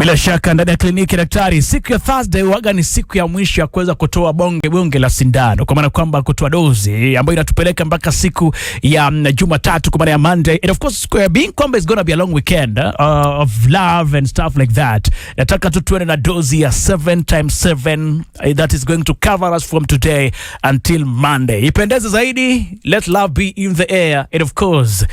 Bila shaka ndani ya kliniki daktari, siku ya Thursday waga ni siku ya mwisho ya kuweza kutoa bonge bonge la sindano, kwa maana kwamba kutoa dozi ambayo inatupeleka mpaka siku ya mm, Jumatatu kwa maana ya Monday, and of course being kwamba is gonna be a long weekend uh, of love and stuff like that, nataka tu tuende na dozi ya 7 times 7 eh, that is going to cover us from today until Monday. Ipendeze zaidi, let love be in the air, and of course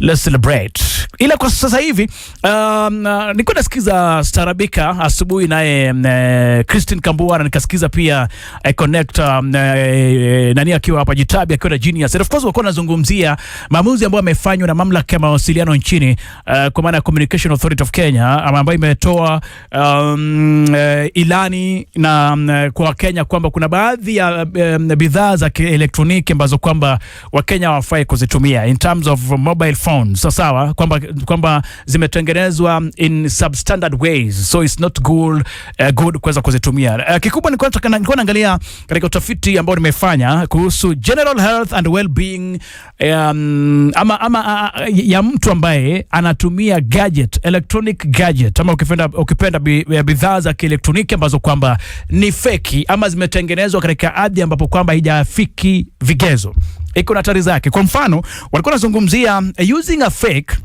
let's celebrate ila kwa sasa hivi um, uh, nilikuwa nasikiza Starabika asubuhi naye um, uh, Christine Kambua na nikasikiza pia uh, connect um, uh, uh nani akiwa hapa Jitabi akiwa na Genius. Of course walikuwa wanazungumzia maamuzi ambayo yamefanywa na mamlaka ya mawasiliano nchini uh, kwa maana ya Communication Authority of Kenya ambayo imetoa um, uh, ilani na um, uh, kwa Kenya kwamba kuna baadhi ya um, bidhaa za kielektroniki ambazo kwamba Wakenya hawafai kuzitumia in terms of mobile phones. Sawa kwamba kwamba zimetengenezwa in substandard ways, so it's not good, uh, good kuweza kuzitumia. Uh, kikubwa ni kwanza nilikuwa naangalia katika utafiti ambao nimefanya kuhusu general health and well-being, um, ama, ama uh, ya mtu ambaye anatumia gadget, electronic gadget ama ukipenda, ukipenda bidhaa za kielektroniki ambazo kwamba ni feki ama zimetengenezwa katika hadhi ambapo kwamba haijafiki vigezo, iko na hatari zake. Kwa mfano walikuwa wanazungumzia uh, using a fake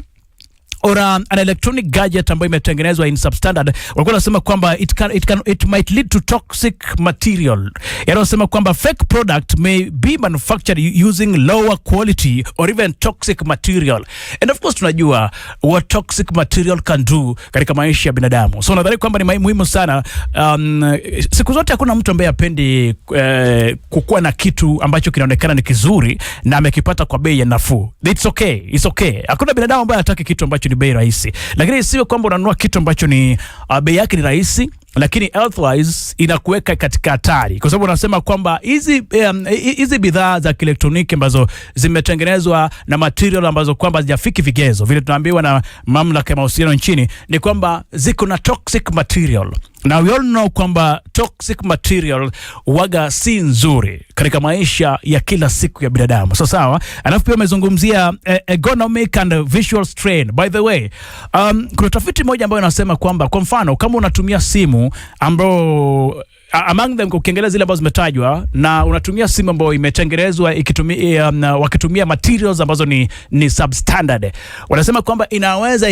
or uh, an electronic gadget ambayo imetengenezwa in substandard. Walikuwa nasema kwamba it can, it can, it might lead to toxic material, yanayosema yaani kwamba fake product may be manufactured using lower quality or even toxic material, and of course tunajua what toxic material can do katika maisha ya binadamu. So nadhani kwamba ni muhimu sana um, siku zote hakuna mtu ambaye apendi eh, kukuwa na kitu ambacho kinaonekana ni kizuri na amekipata kwa bei ya nafuu. It's okay, it's okay. Hakuna binadamu ambaye hataki kitu ambacho ni bei rahisi, lakini isiwe kwamba unanunua kitu ambacho ni uh, bei yake ni rahisi lakini healthwise inakuweka katika hatari, kwa sababu unasema kwamba hizi um, hizi um, bidhaa za kielektroniki ambazo zimetengenezwa na material ambazo kwamba hazijafiki vigezo vile tunaambiwa na mamlaka ya mahusiano nchini, ni kwamba ziko na toxic material na we all know kwamba toxic material waga si nzuri katika maisha ya kila siku ya binadamu. So sawa, alafu pia amezungumzia eh, economic and visual strain. By the way, um, kuna tafiti moja ambayo inasema kwamba kwa mfano kama unatumia simu ambayo among them ukiangalia zile ambazo zimetajwa na unatumia simu ambayo imetengenezwa ikitumia eh, um, wakitumia materials ambazo ni, ni substandard, wanasema kwamba inaweza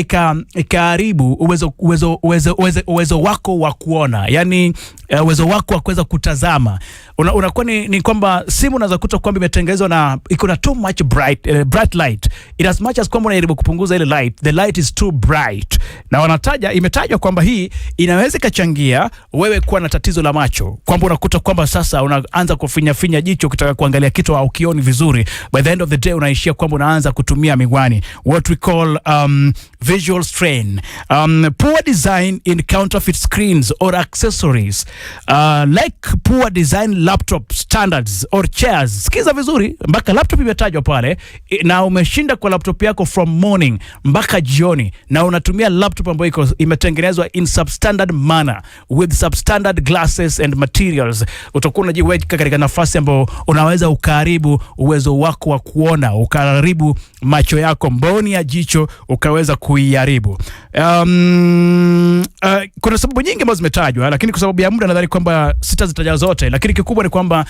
ikaharibu uwezo, uwezo, uwezo, uwezo, uwezo wako wa kuona, yani eh, uwezo wako wa kuweza kutazama unakuwa una ni, ni kwamba simu unaweza kuta kwamba imetengenezwa na iko na too much bright, uh, bright light in as much as kwamba unajaribu kupunguza ile light, the light is too bright, na wanataja imetajwa kwamba hii inaweza ikachangia wewe kuwa na tatizo la macho, kwamba unakuta kwamba sasa unaanza kufinyafinya jicho ukitaka kuangalia kitu au kioni vizuri, by the end of the day unaishia kwamba unaanza kutumia miwani, what we call um, visual strain um, poor design in counterfeit screens or accessories uh, like poor design laptop standards or chairs. Sikiza vizuri, mpaka laptop imetajwa pale, na umeshinda kwa laptop yako from morning mpaka jioni, na unatumia laptop ambayo iko imetengenezwa in substandard manner with substandard glasses and materials, utakuwa unajiweka katika nafasi ambayo unaweza ukaharibu uwezo wako wa kuona, ukaharibu macho yako, mboni ya jicho ukaweza kuiharibu. Um, uh, kuna sababu nyingi ambazo zimetajwa, lakini kwa sababu ya muda nadhani kwamba sita sitazitaja zote, lakini kikubwa kubwa ni kwamba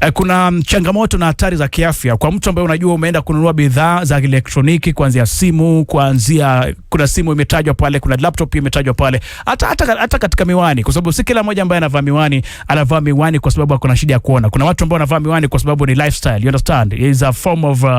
eh, kuna mm, changamoto na hatari za kiafya kwa mtu ambaye unajua umeenda kununua bidhaa za elektroniki, kuanzia simu, kuanzia kuna simu imetajwa pale, kuna laptop imetajwa pale, hata hata hata katika miwani, kwa sababu si kila mmoja ambaye anavaa miwani anavaa miwani kwa sababu akona shida ya kuona. Kuna watu ambao wanavaa miwani kwa sababu ni lifestyle, you understand, It is a form of uh,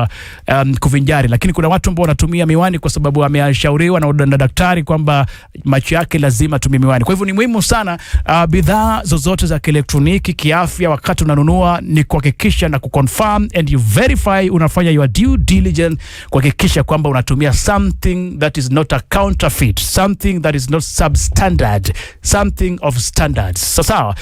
um, kuvinjari, lakini kuna watu ambao wanatumia miwani kwa sababu ameshauriwa na daktari kwamba macho yake lazima tumie miwani. Kwa hivyo ni muhimu sana uh, bidhaa zozote za kielektroniki kiafya pia wakati unanunua ni kuhakikisha na kuconfirm and you verify, unafanya your due diligence kuhakikisha kwamba unatumia something that is not a counterfeit, something that is not substandard, something of standards. Sawa sawa.